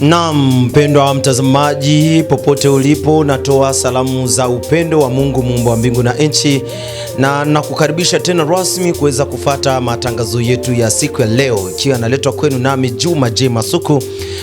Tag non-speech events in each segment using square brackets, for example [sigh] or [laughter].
Naam, mpendwa wa mtazamaji popote ulipo, natoa salamu za upendo wa Mungu muumba wa mbingu na nchi, na nakukaribisha tena rasmi kuweza kufata matangazo yetu ya siku ya leo, ikiwa yanaletwa kwenu nami Juma J Masuku,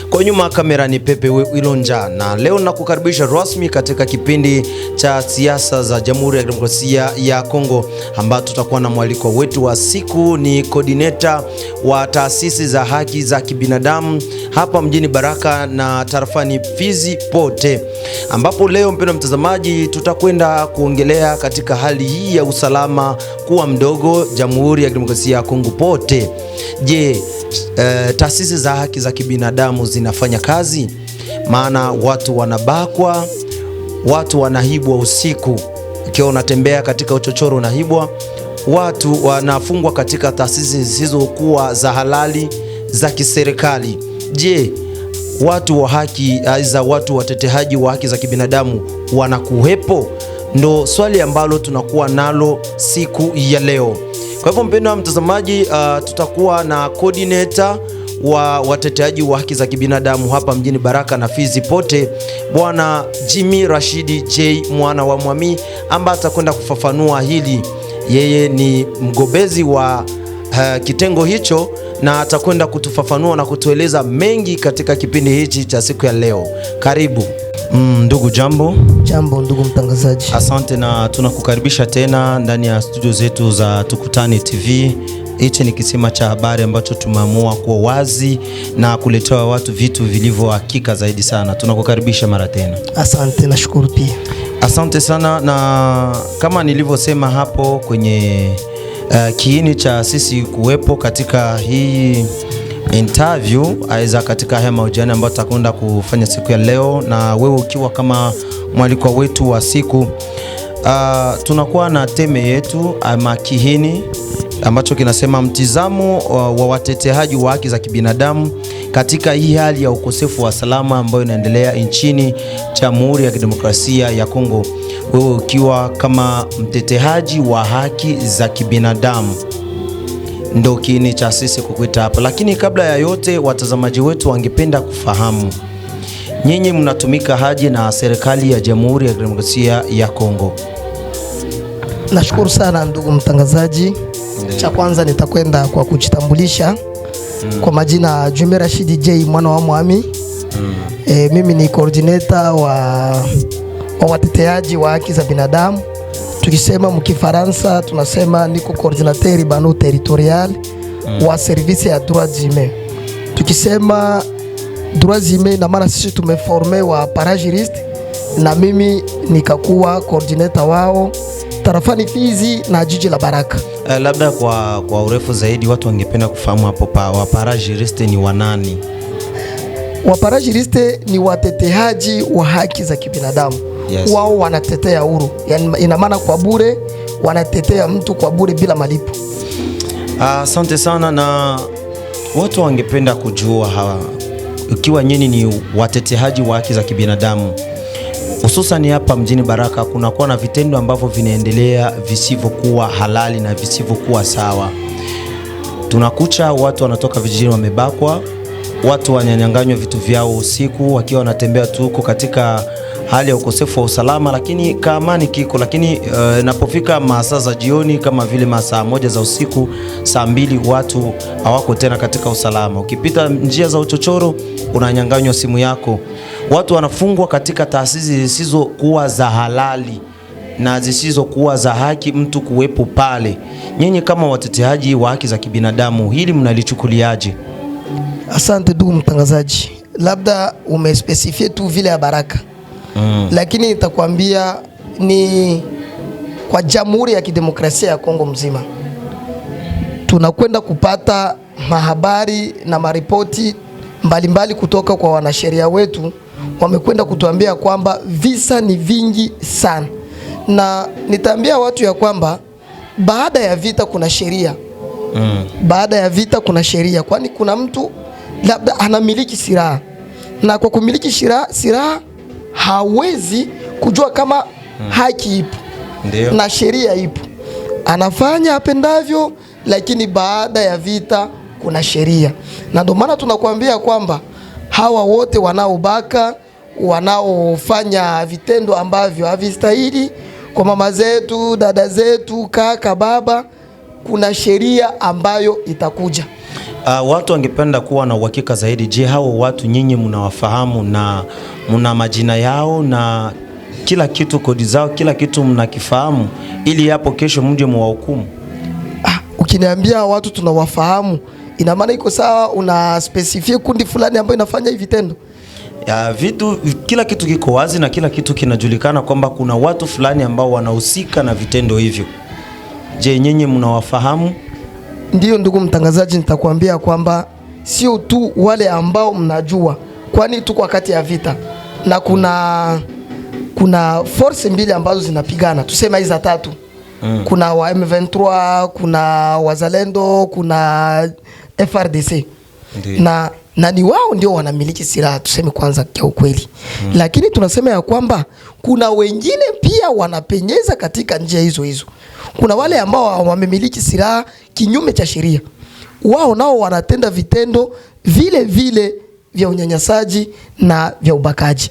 kwa nyuma kamera ni Pepe Wilonja, na leo nakukaribisha rasmi katika kipindi cha siasa za Jamhuri ya demokrasia ya Kongo, ambapo tutakuwa na mwaliko wetu wa siku ni coordinator wa taasisi za haki za kibinadamu hapa mjini Baraka Tanga na tarafani Fizi pote, ambapo leo mpendwa mtazamaji, tutakwenda kuongelea katika hali hii ya usalama kuwa mdogo Jamhuri ya Kidemokrasia ya Kongo pote. Je, e, taasisi za haki za kibinadamu zinafanya kazi? Maana watu wanabakwa, watu wanahibwa usiku, ikiwa unatembea katika uchochoro unahibwa watu wanafungwa katika taasisi zisizokuwa za halali za kiserikali. Je, watu wa haki eh, za watu watetehaji wa haki za kibinadamu wanakuwepo? Ndo swali ambalo tunakuwa nalo siku ya leo. Kwa hivyo mpendo wa mtazamaji, uh, tutakuwa na coordinator wa wateteaji wa haki za kibinadamu hapa mjini Baraka na Fizi pote, Bwana Jimmy Rashidi J mwana wa Mwami, ambaye atakwenda kufafanua hili. Yeye ni mgobezi wa uh, kitengo hicho na atakwenda kutufafanua na kutueleza mengi katika kipindi hichi cha siku ya leo. Karibu. Mm, ndugu jambo. Jambo ndugu mtangazaji. Asante na tunakukaribisha tena ndani ya studio zetu za Tukutane TV. Hichi ni kisima cha habari ambacho tumeamua kuwa wazi na kuletewa watu vitu vilivyo hakika zaidi sana. Tunakukaribisha mara tena. Asante, nashukuru pia. Asante sana, na kama nilivyosema hapo kwenye uh, kiini cha sisi kuwepo katika hii interview aidha katika haya mahojiano ambayo tutakwenda kufanya siku ya leo, na wewe ukiwa kama mwalikwa wetu wa siku uh, tunakuwa na teme yetu ama kihini ambacho kinasema mtizamo wa watetehaji wa haki za kibinadamu katika hii hali ya ukosefu wa salama ambayo inaendelea nchini Jamhuri ya Kidemokrasia ya Kongo, wewe ukiwa kama mtetehaji wa haki za kibinadamu ndo kiini cha sisi kukuita hapa. Lakini kabla ya yote, watazamaji wetu wangependa kufahamu nyinyi mnatumika haji na serikali ya Jamhuri ya Kidemokrasia ya Kongo? Nashukuru sana ndugu mtangazaji. Cha kwanza nitakwenda kwa kujitambulisha mm. Kwa majina Jume Rashidi J mwana wa Mwami mm. E, mimi ni coordinator wa, wa wateteaji wa haki za binadamu tukisema mkifaransa tunasema niko coordinateur banu territorial mm. wa service ya droit humains. Tukisema droit humains na maana sisi tumeforme wa parajuriste na mimi nikakuwa coordinator wao tarafani Fizi na jiji la Baraka. Uh, labda kwa, kwa urefu zaidi watu wangependa kufahamu hapo pa waparajuriste ni wanani? waparajiriste ni watetehaji wa haki za kibinadamu. Yes. Wao wanatetea huru, yani ina maana kwa bure wanatetea mtu kwa bure bila malipo. Ah, asante uh, sana na watu wangependa kujua hawa, ikiwa nyinyi ni watetehaji wa haki za kibinadamu hususan hapa mjini Baraka kunakuwa na vitendo ambavyo vinaendelea visivyokuwa halali na visivyokuwa sawa. Tunakucha watu wanatoka vijijini wamebakwa, watu wananyanganywa vitu vyao usiku wakiwa wanatembea tu huko katika hali ya ukosefu wa usalama, lakini kaamani kiko. Lakini uh, eh, napofika masaa za jioni kama vile masaa moja za usiku, saa mbili, watu hawako tena katika usalama. Ukipita njia za uchochoro unanyanganywa simu yako watu wanafungwa katika taasisi zisizokuwa za halali na zisizokuwa za haki mtu kuwepo pale. Nyinyi kama wateteaji wa haki za kibinadamu hili mnalichukuliaje? Asante ndugu mtangazaji, labda umespesifie tu vile ya Baraka mm, lakini nitakwambia ni kwa Jamhuri ya Kidemokrasia ya Kongo mzima tunakwenda kupata mahabari na maripoti mbalimbali mbali kutoka kwa wanasheria wetu wamekwenda kutuambia kwamba visa ni vingi sana, na nitaambia watu ya kwamba baada ya vita kuna sheria mm. Baada ya vita kuna sheria, kwani kuna mtu labda anamiliki silaha na kwa kumiliki silaha hawezi kujua kama mm. haki ipo Ndiyo. na sheria ipo, anafanya apendavyo, lakini baada ya vita kuna sheria, na ndio maana tunakuambia kwamba hawa wote wanaobaka, wanaofanya vitendo ambavyo havistahili kwa mama zetu, dada zetu, kaka, baba, kuna sheria ambayo itakuja. Uh, watu wangependa kuwa na uhakika zaidi. Je, hao watu nyinyi mnawafahamu na mna majina yao na kila kitu, kodi zao, kila kitu mnakifahamu, ili hapo kesho mje muwahukumu? Ah, ukiniambia watu tunawafahamu Ina maana iko sawa, una specify kundi fulani ambayo inafanya hivi vitendo ya vitu. Kila kitu kiko wazi na kila kitu kinajulikana kwamba kuna watu fulani ambao wanahusika na vitendo hivyo. Je, nyinyi mnawafahamu? Ndiyo ndugu mtangazaji, nitakwambia kwamba sio tu wale ambao mnajua, kwani tuko wakati ya vita na kuna kuna force mbili ambazo zinapigana, tuseme hizo za tatu. Mm. Kuna wa M23, kuna wazalendo, kuna FRDC na, na ni wao ndio wanamiliki silaha, tuseme kwanza kwa ukweli hmm. Lakini tunasema ya kwamba kuna wengine pia wanapenyeza katika njia hizo hizo. Kuna wale ambao wamemiliki silaha kinyume cha sheria, wao nao wanatenda vitendo vile vile vya unyanyasaji na vya ubakaji,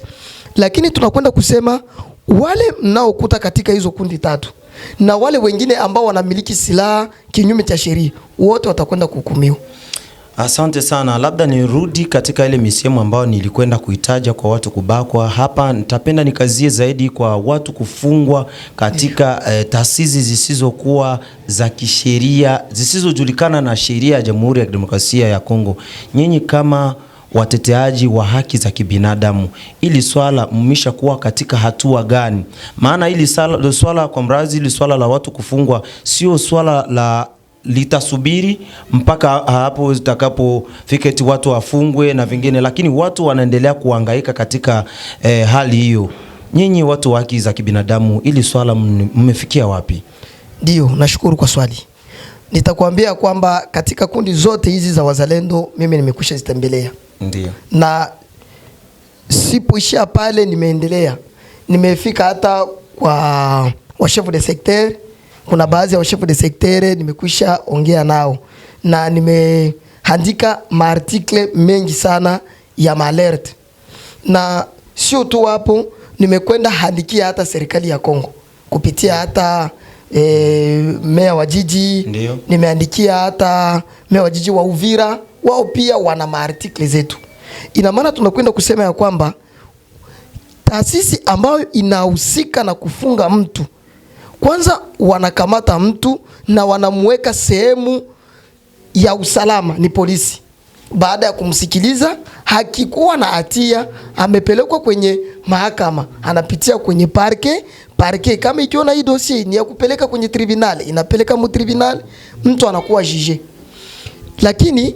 lakini tunakwenda kusema wale mnaokuta katika hizo kundi tatu na wale wengine ambao wanamiliki silaha kinyume cha sheria, wote watakwenda kuhukumiwa. Asante sana. Labda nirudi katika ile misemo ambayo nilikwenda kuitaja kwa watu kubakwa. Hapa nitapenda nikazie zaidi kwa watu kufungwa katika eh, taasisi zisizokuwa za kisheria, zisizojulikana na sheria ya Jamhuri ya Kidemokrasia ya Kongo. Nyinyi kama wateteaji wa haki za kibinadamu, ili swala mmisha kuwa katika hatua gani? Maana ili swala kwa mrazi, ili swala la watu kufungwa sio swala la litasubiri mpaka hapo zitakapofika eti watu wafungwe na vingine, lakini watu wanaendelea kuhangaika katika eh, hali hiyo. Nyinyi watu wa haki za kibinadamu, ili swala mmefikia wapi? Ndio, nashukuru kwa swali. Nitakwambia kwamba katika kundi zote hizi za wazalendo mimi nimekwisha zitembelea, ndio, na sipoishia pale, nimeendelea nimefika hata kwa chef de secteur kuna baadhi ya washefu de sektere nimekwisha ongea nao na nimeandika maartikle mengi sana ya malerte, na sio tu wapo, nimekwenda handikia hata serikali ya Kongo kupitia hata e, mea wa jiji nimeandikia hata mea wa jiji wa Uvira, wao pia wana maartikle zetu. Ina maana tunakwenda kusema ya kwamba taasisi ambayo inahusika na kufunga mtu kwanza wanakamata mtu na wanamuweka sehemu ya usalama, ni polisi. Baada ya kumsikiliza, hakikuwa na hatia, amepelekwa kwenye mahakama, anapitia kwenye parke. Parke kama ikiona hii dossier ni ya kupeleka kwenye tribunal, inapeleka mu tribunal, mtu anakuwa jije. Lakini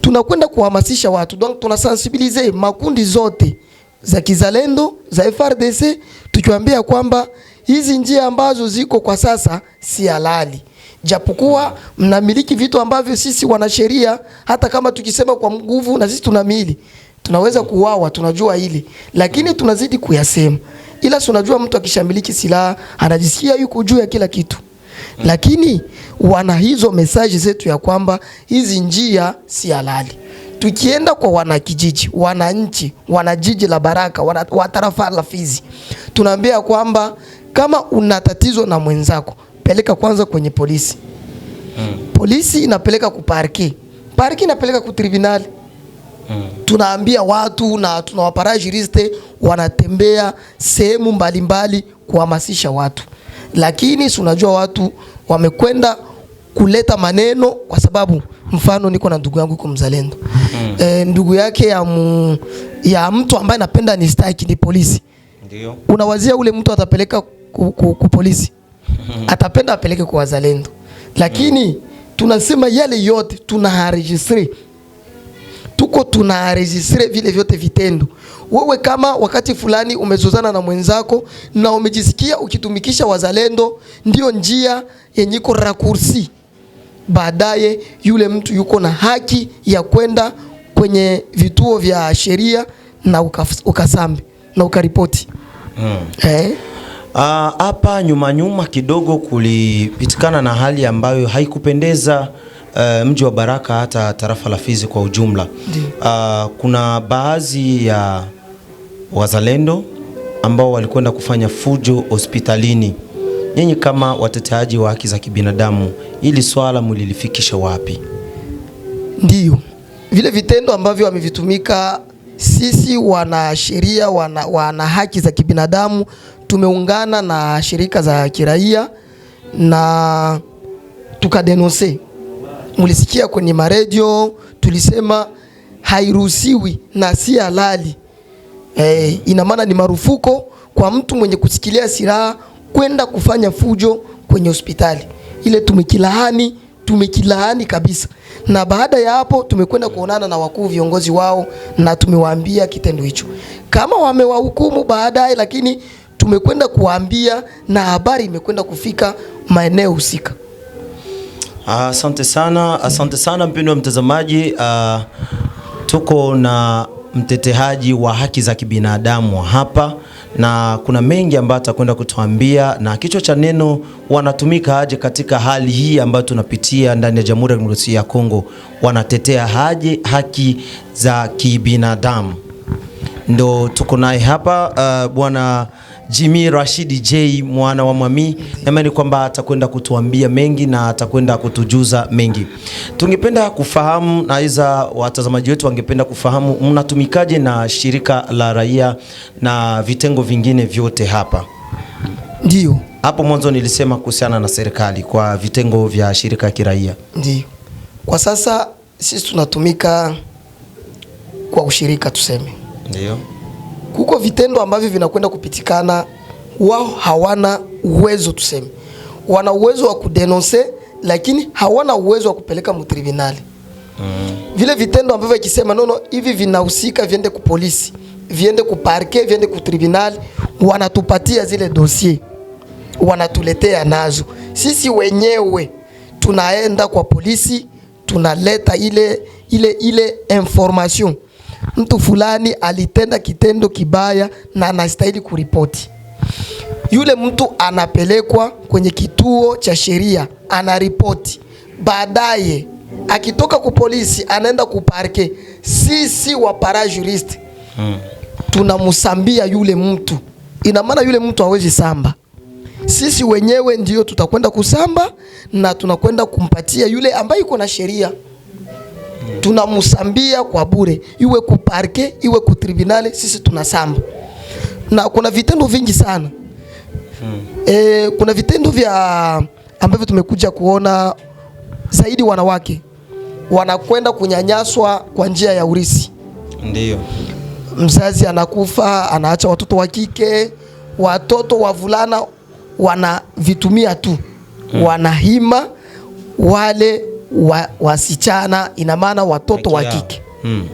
tunakwenda kuhamasisha watu, donc tunasensibiliser makundi zote za kizalendo za FRDC tukiwaambia kwamba hizi njia ambazo ziko kwa sasa si halali, japokuwa mnamiliki vitu ambavyo sisi wanasheria, hata kama tukisema kwa nguvu na sisi tuna tunamili tunaweza kuuawa, tunajua hili, lakini tunazidi kuyasema. Ila si unajua, mtu akishamiliki silaha anajisikia yuko juu ya kila kitu, lakini wana hizo mesaji zetu ya kwamba hizi njia si halali. Tukienda kwa wanakijiji, wananchi, wanajiji la Baraka, wana, watarafa la Fizi, tunaambia kwamba kama una tatizo na mwenzako, peleka kwanza kwenye polisi. Mm. Polisi inapeleka kuparki, parki inapeleka kutribunali. Mm. Tunaambia watu na tunawaparaji wanatembea sehemu mbalimbali kuhamasisha watu, lakini si unajua watu wamekwenda kuleta maneno kwa sababu mfano niko na ndugu yangu yuko mzalendo. Mm. E, ndugu yake ya, mu, ya mtu ambaye napenda ni staki ni polisi. Ndio. Unawazia ule mtu atapeleka ku, ku, ku polisi, mhm. atapenda apeleke kwa wazalendo, lakini tunasema yale yote tunaharegistre tuko tuna tunaregistre vile vyote vitendo. Wewe kama wakati fulani umezozana na mwenzako na umejisikia ukitumikisha wazalendo, ndio njia yenye iko rakursi, baadaye yule mtu yuko na haki ya kwenda kwenye vituo vya sheria na ukasambe na ukaripoti mm. eh? Ah, hapa nyuma nyuma kidogo kulipitikana na hali ambayo haikupendeza uh, mji wa Baraka hata tarafa la Fizi kwa ujumla. Uh, kuna baadhi ya wazalendo ambao walikwenda kufanya fujo hospitalini. Nyinyi kama wateteaji wa haki za kibinadamu, hili swala mlilifikisha wapi? Ndiyo vile vitendo ambavyo wamevitumika, sisi wana sheria, wana, wana haki za kibinadamu tumeungana na shirika za kiraia na tukadenonse. Mulisikia kwenye maredio, tulisema hairuhusiwi na si halali eh. Ina maana ni marufuko kwa mtu mwenye kusikilia silaha kwenda kufanya fujo kwenye hospitali ile. Tumekilaani, tumekilaani kabisa, na baada ya hapo tumekwenda kuonana na wakuu viongozi wao na tumewaambia kitendo hicho, kama wamewahukumu baadaye, lakini tumekwenda kuambia na habari imekwenda kufika maeneo husika. Asante sana, asante sana mpendo wa mtazamaji. Uh, tuko na mtetehaji wa haki za kibinadamu hapa na kuna mengi ambayo atakwenda kutuambia, na kichwa cha neno wanatumika aje katika hali hii ambayo tunapitia ndani ya Jamhuri ya demokrasia ya Kongo, wanatetea haje haki za kibinadamu. Ndo tuko naye hapa uh, bwana Jimmy Rashid J mwana wa Mwami, naamini kwamba atakwenda kutuambia mengi na atakwenda kutujuza mengi. Tungependa kufahamu na iza watazamaji wetu wangependa kufahamu mnatumikaje na shirika la raia na vitengo vingine vyote hapa? Ndio. Hapo mwanzo nilisema kuhusiana na serikali kwa vitengo vya shirika ya kiraia. Ndio. Kwa sasa sisi tunatumika kwa ushirika tuseme. Ndio kuko vitendo ambavyo vinakwenda kupitikana, wao hawana uwezo tuseme, wana uwezo wa kudenonse lakini hawana uwezo wa kupeleka mutribinali mm. Vile vitendo ambavyo ikisema nono hivi vinahusika viende ku polisi viende ku parquet viende tribunal, wanatupatia zile dosie, wanatuletea nazo sisi wenyewe tunaenda kwa polisi tunaleta ile, ile, ile information mtu fulani alitenda kitendo kibaya na anastahili kuripoti. Yule mtu anapelekwa kwenye kituo cha sheria, anaripoti. Baadaye akitoka ku polisi anaenda kuparke. Sisi wa para jurist hmm. tunamsambia yule mtu. Ina maana yule mtu hawezi samba, sisi wenyewe ndio tutakwenda kusamba na tunakwenda kumpatia yule ambaye iko na sheria tunamsambia kwa bure, iwe kuparke iwe kutribunali, sisi tunasamba. Na kuna vitendo vingi sana hmm. E, kuna vitendo vya ambavyo tumekuja kuona zaidi, wanawake wanakwenda kunyanyaswa kwa njia ya urisi. Ndiyo. Mzazi anakufa anaacha watoto wa kike, watoto wavulana wanavitumia tu hmm. wanahima wale wa, wasichana ina maana watoto wa kike hmm.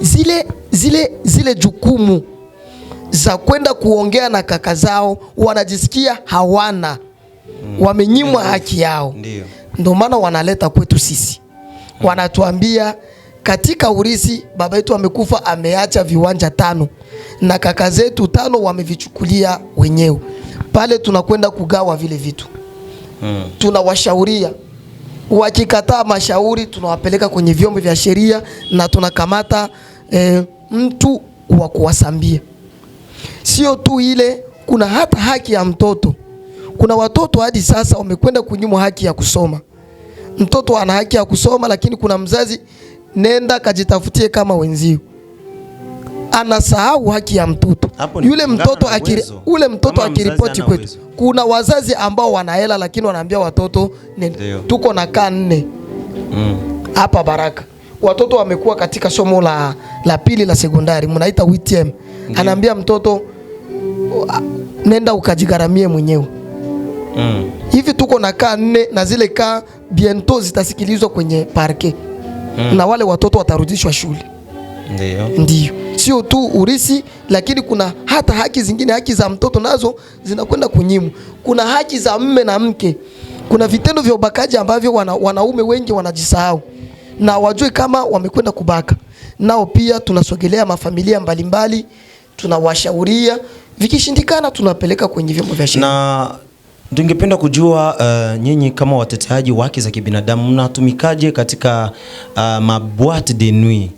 Zile, zile, zile jukumu za kwenda kuongea na kaka zao wanajisikia hawana hmm. Wamenyimwa haki yao, ndio maana wanaleta kwetu sisi hmm. Wanatuambia katika urisi baba yetu amekufa, ameacha viwanja tano na kaka zetu tano wamevichukulia wenyewe. Pale tunakwenda kugawa vile vitu hmm. Tunawashauria wakikataa mashauri tunawapeleka kwenye vyombo vya sheria na tunakamata e, mtu wa kuwasambia. Sio tu ile, kuna hata haki ya mtoto. Kuna watoto hadi sasa wamekwenda kunyimwa haki ya kusoma. Mtoto ana haki ya kusoma, lakini kuna mzazi, nenda kajitafutie kama wenzio anasahau haki ya mtoto yule, mtoto akiri, ule mtoto akiripoti kwetu. Kuna wazazi ambao wanahela lakini wanaambia watoto nene, tuko na kaa nne mm. hapa mm. Baraka watoto wamekuwa katika somo la, la pili la sekondari mnaita WTM, anaambia mtoto nenda ukajigaramie mwenyewe mm. Hivi tuko na kaa nne na zile kaa biento zitasikilizwa kwenye parke mm. na wale watoto watarudishwa shule, ndio sio tu urisi, lakini kuna hata haki zingine, haki za mtoto nazo zinakwenda kunyimwa. Kuna haki za mme na mke. Kuna vitendo vya ubakaji ambavyo wana, wanaume wengi wanajisahau na wajue kama wamekwenda kubaka. Nao pia tunasogelea mafamilia mbalimbali, tunawashauria, vikishindikana tunapeleka kwenye vyombo vya sheria na tungependa kujua uh, nyinyi kama wateteaji wa haki za kibinadamu mnatumikaje katika uh, mabwate de nuit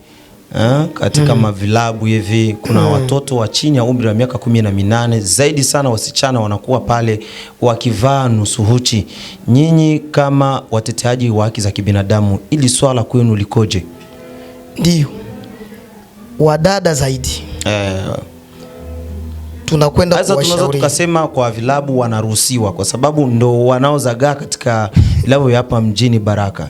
eh, katika mm. mavilabu hivi kuna mm. watoto wa chini ya umri wa miaka kumi na minane zaidi sana wasichana wanakuwa pale wakivaa nusuhuchi. Nyinyi kama wateteaji wa haki za kibinadamu, ili swala kwenu likoje? Ndio wadada zaidi eh, tunakwenda Tunaweza tukasema kwa vilabu wanaruhusiwa, kwa sababu ndo wanaozagaa katika [laughs] vilabu vya hapa mjini Baraka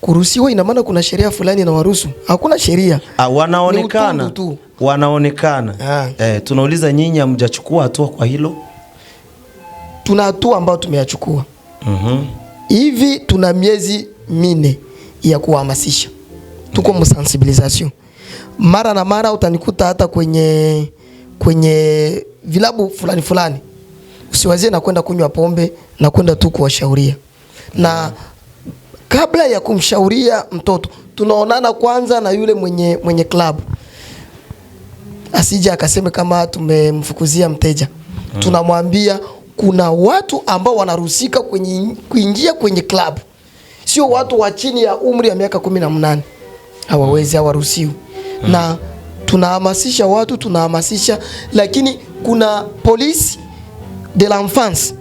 kuruhusiwa ina maana kuna sheria fulani na waruhusu. Hakuna sheria ah, wanaonekana tu wanaonekana ah. Eh, tunauliza nyinyi hamjachukua hatua kwa hilo? Tuna hatua ambayo tumeyachukua mhm. hivi mm -hmm. Tuna miezi mine ya kuhamasisha, tuko msensibilisation mm. mara na mara, utanikuta hata kwenye kwenye vilabu fulani fulani, usiwazie na kwenda kunywa pombe na kwenda tu kuwashauria na mm -hmm kabla ya kumshauria mtoto tunaonana kwanza na yule mwenye, mwenye klabu asije akaseme kama tumemfukuzia mteja mm. Tunamwambia kuna watu ambao wanaruhusika kwenye, kuingia kwenye klabu, sio watu wa chini ya umri ya miaka kumi na mnane hawawezi, hawaruhusiwi mm. na tunahamasisha watu, tunahamasisha lakini kuna polisi de l'enfance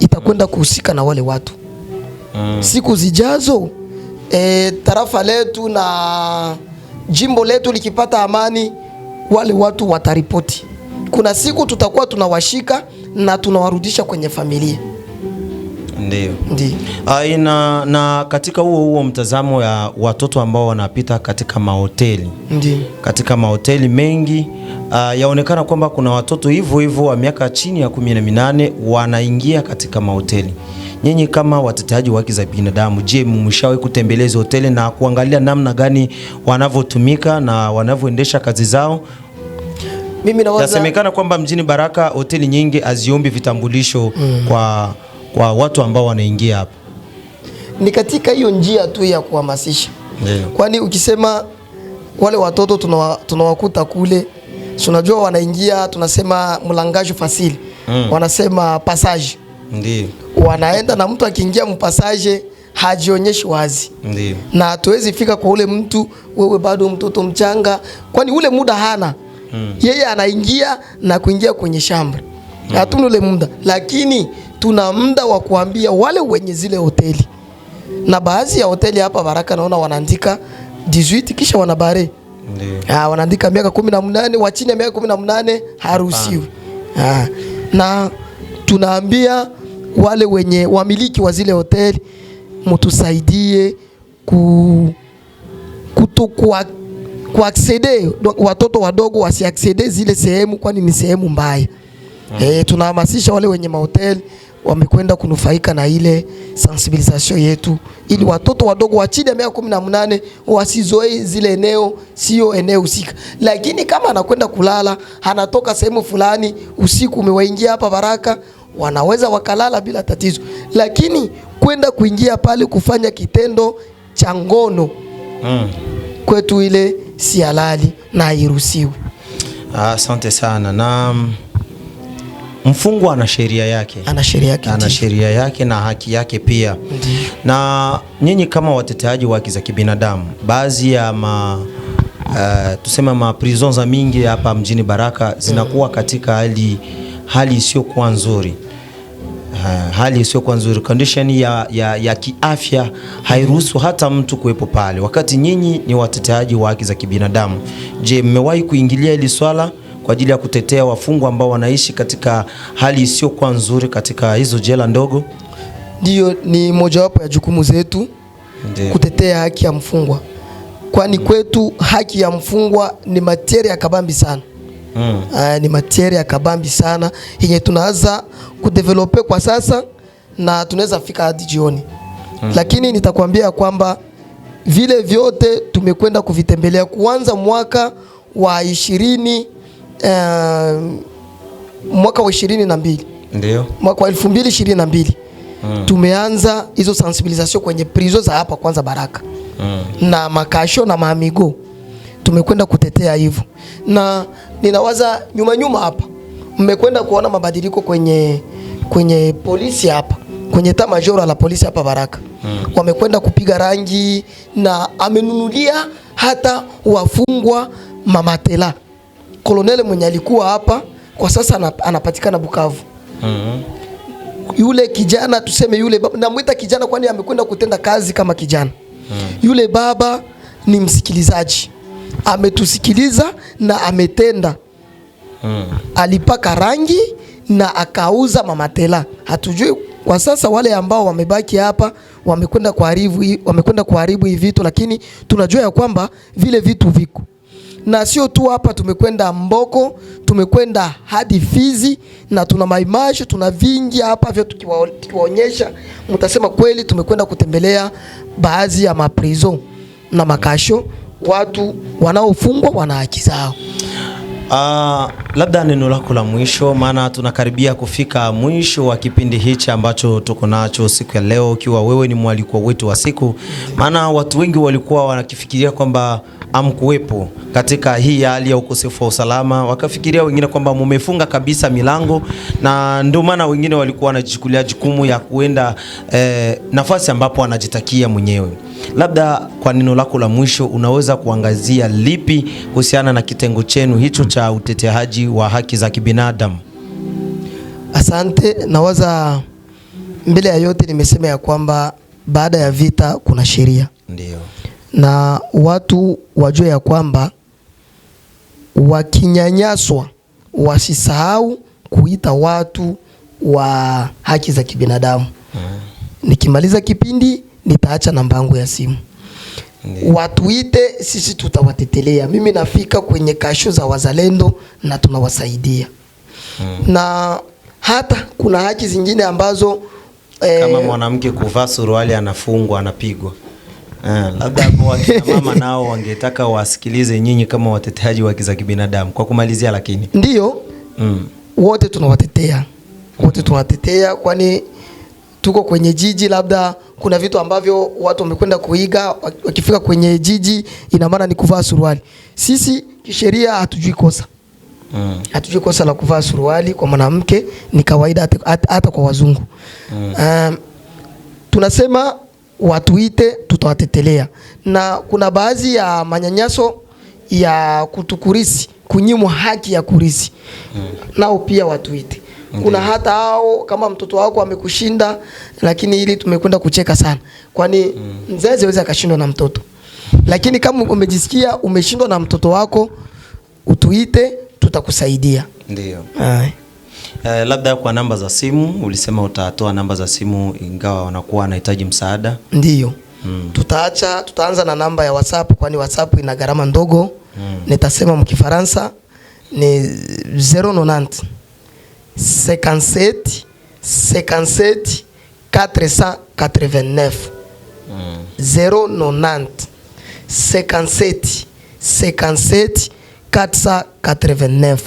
itakwenda kuhusika na wale watu mm. siku zijazo e, tarafa letu na jimbo letu likipata amani, wale watu wataripoti. Kuna siku tutakuwa tunawashika na tunawarudisha kwenye familia. Ndiyo. Ndiyo. Ah, na, na katika huo huo mtazamo ya watoto ambao wanapita katika mahoteli Ndiyo. Katika mahoteli mengi uh, yaonekana kwamba kuna watoto hivyo hivyo wa miaka chini ya kumi na minane wanaingia katika mahoteli. Nyinyi kama wateteaji wa haki za binadamu, je, mmeshawahi kutembelea hoteli na kuangalia namna gani wanavyotumika na wanavyoendesha kazi zao? Mimi nawaza... nasemekana kwamba mjini Baraka hoteli nyingi haziombi vitambulisho mm. kwa kwa watu ambao wanaingia hapa? Ni katika hiyo njia tu ya kuhamasisha, kwani ukisema wale watoto tunawakuta kule, tunajua wanaingia, tunasema mlangaji fasili mm. wanasema pasaje, ndio wanaenda na mtu akiingia mpasaje hajionyeshi wazi ndio, na hatuwezi fika kwa ule mtu, wewe bado mtoto mchanga, kwani ule muda hana mm. yeye anaingia na kuingia kwenye shamba mm. hatuna ule muda, lakini tuna muda wa kuambia wale wenye zile hoteli, na baadhi ya hoteli hapa Baraka naona wanaandika 18 kisha wanabare ah, wanaandika miaka 18, wa chini ya miaka 18 haruhusiwi. Ah, na tunaambia wale wenye wamiliki wa zile hoteli mutusaidie ku kutokuwa kuaksede watoto wadogo wasiaksede zile sehemu, kwani ni sehemu mbaya mm. E, tunahamasisha wale wenye mahoteli wamekwenda kunufaika na ile sensibilisation yetu ili mm. watoto wadogo wa chini ya miaka kumi na mnane wasizoe zile eneo, sio eneo husika. Lakini kama anakwenda kulala, anatoka sehemu fulani usiku, umewaingia hapa Baraka, wanaweza wakalala bila tatizo, lakini kwenda kuingia pale kufanya kitendo cha ngono mm. kwetu ile si halali na hairuhusiwi. Asante ah, sana na Mfungwa ana sheria yake, ana sheria yake, ana sheria yake na haki yake pia. Ndiyo. Na nyinyi kama wateteaji wa haki za kibinadamu, baadhi ya ma uh, tuseme ma prison za mingi hapa mjini Baraka zinakuwa mm. katika hali hali isiyokuwa nzuri uh, hali isiyokuwa nzuri, condition ya, ya, ya kiafya hairuhusu hata mtu kuwepo pale, wakati nyinyi ni wateteaji wa haki za kibinadamu. Je, mmewahi kuingilia hili swala? kwa ajili ya kutetea wafungwa ambao wanaishi katika hali isiyokuwa nzuri katika hizo jela ndogo? Ndiyo, ni mojawapo ya jukumu zetu Ndiyo. kutetea haki ya mfungwa kwani hmm. kwetu haki ya mfungwa ni materia ya kabambi sana hmm. Aa, ah, ni materia ya kabambi sana yenye tunaanza kudevelope kwa sasa na tunaweza fika hadi jioni hmm. Lakini nitakwambia kwamba vile vyote tumekwenda kuvitembelea kuanza mwaka wa ishirini Uh, mwaka wa ishirini na mbili ndio mwaka wa elfu mbili ishirini na mbili mm. tumeanza hizo sensibilization kwenye prizo za hapa kwanza Baraka mm. na makasho na maamigo tumekwenda kutetea hivyo, na ninawaza nyuma nyuma hapa mmekwenda kuona mabadiliko kwenye kwenye polisi hapa kwenye ta majoro la polisi hapa Baraka mm. wamekwenda kupiga rangi na amenunulia hata wafungwa mamatela kolonele mwenye alikuwa hapa kwa sasa anapatikana Bukavu. mm -hmm. Yule kijana tuseme, yule namwita kijana, kwani amekwenda kutenda kazi kama kijana. mm -hmm. Yule baba ni msikilizaji, ametusikiliza na ametenda. mm -hmm. Alipaka rangi na akauza mamatela. Hatujui kwa sasa wale ambao wamebaki hapa wamekwenda kuharibu, wamekwenda kuharibu hivi vitu, lakini tunajua ya kwamba vile vitu viko na sio tu hapa, tumekwenda Mboko, tumekwenda hadi Fizi na tuna maimasho, tuna vingi hapa vyo, tukiwaonyesha mtasema kweli tumekwenda kutembelea baadhi ya maprizo na makasho, watu wanaofungwa wana haki zao. Uh, labda neno lako la mwisho, maana tunakaribia kufika mwisho wa kipindi hichi ambacho tuko nacho siku ya leo, ukiwa wewe ni mwalikwa wetu wa siku, maana watu wengi walikuwa wanakifikiria kwamba amkuwepo katika hii hali ya ukosefu wa usalama, wakafikiria wengine kwamba mumefunga kabisa milango, na ndio maana wengine walikuwa wanajichukulia jukumu ya kuenda eh, nafasi ambapo anajitakia mwenyewe. Labda kwa neno lako la mwisho unaweza kuangazia lipi kuhusiana na kitengo chenu hicho cha uteteaji wa haki za kibinadamu? Asante. Nawaza mbele ya yote nimesema ya kwamba baada ya vita kuna sheria, ndio na watu wajue ya kwamba wakinyanyaswa wasisahau kuita watu wa haki za kibinadamu. Mm. Nikimaliza kipindi nitaacha namba yangu ya simu. Ndiyo. Watuite, sisi tutawatetelea. Mimi nafika kwenye kasho za wazalendo na tunawasaidia hmm. Na hata kuna haki zingine ambazo eh, kama mwanamke kuvaa suruali anafungwa, anapigwa Eh. labda hapo nao wangetaka wasikilize nyinyi kama wateteaji wa haki za kibinadamu kwa kumalizia, lakini ndio mm. wote tunawatetea wote tunawatetea, kwani tuko kwenye jiji, labda kuna vitu ambavyo watu wamekwenda kuiga, wakifika kwenye jiji ina maana ni kuvaa suruali. Sisi kisheria hatujui kosa mm. hatujui kosa la kuvaa suruali kwa mwanamke, ni kawaida hata kwa wazungu mm. um, tunasema watuite tutawatetelea. Na kuna baadhi ya manyanyaso ya kutukurisi, kunyimwa haki ya kurisi hmm. nao pia watuite kuna hata hao kama mtoto wako amekushinda, lakini ili tumekwenda kucheka sana, kwani hmm. mzazi aweza akashindwa na mtoto. Lakini kama umejisikia umeshindwa na mtoto wako, utuite, tutakusaidia. Ndio uh, labda kwa namba za simu ulisema utatoa namba za simu, ingawa wanakuwa wanahitaji msaada. ndio mm. tutaacha tutaanza na namba ya WhatsApp kwani WhatsApp ina gharama ndogo mm. nitasema mkifaransa ni 090 57 57 489 mm. 090 57 57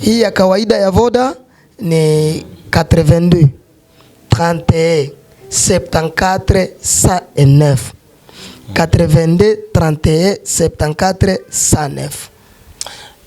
Hii ya kawaida ya Voda ni 82 31 74 109. 82 31 74 109.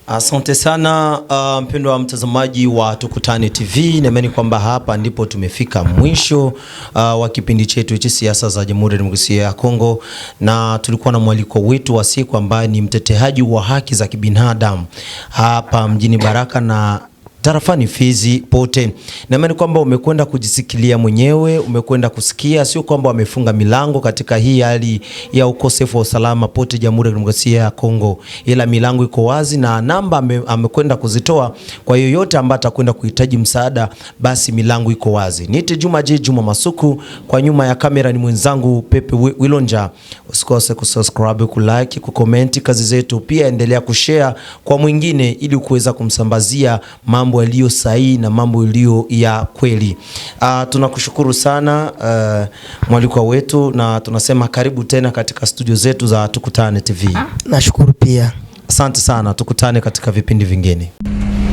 Asante sana uh, ah, mpendo wa mtazamaji wa Tukutane TV, naamini kwamba hapa ndipo tumefika mwisho uh, wa kipindi chetu cha siasa za Jamhuri ya Demokrasia ya Kongo, na tulikuwa na mwaliko wetu wa siku ambaye ni mteteaji wa haki za kibinadamu hapa mjini Baraka na tarafani Fizi pote. na Naamini kwamba umekwenda kujisikilia mwenyewe, umekwenda kusikia, sio kwamba wamefunga milango katika hii hali ya ukosefu wa usalama pote Jamhuri ya Demokrasia ya Kongo, ila milango iko wazi na namba amekwenda kuzitoa kwa yoyote ambaye atakwenda kuhitaji msaada, basi milango iko wazi. Niite Juma J Juma Masuku, kwa nyuma ya kamera ni mwenzangu Pepe Wilonja. Usikose kusubscribe, kulike, kukomenti kazi zetu, pia endelea kushare kwa mwingine ili kuweza kumsambazia mambo mambo yaliyo sahihi na mambo yaliyo ya kweli. Uh, tunakushukuru sana uh, mwalikwa wetu, na tunasema karibu tena katika studio zetu za Tukutane TV. Ah, nashukuru pia, asante sana, tukutane katika vipindi vingine.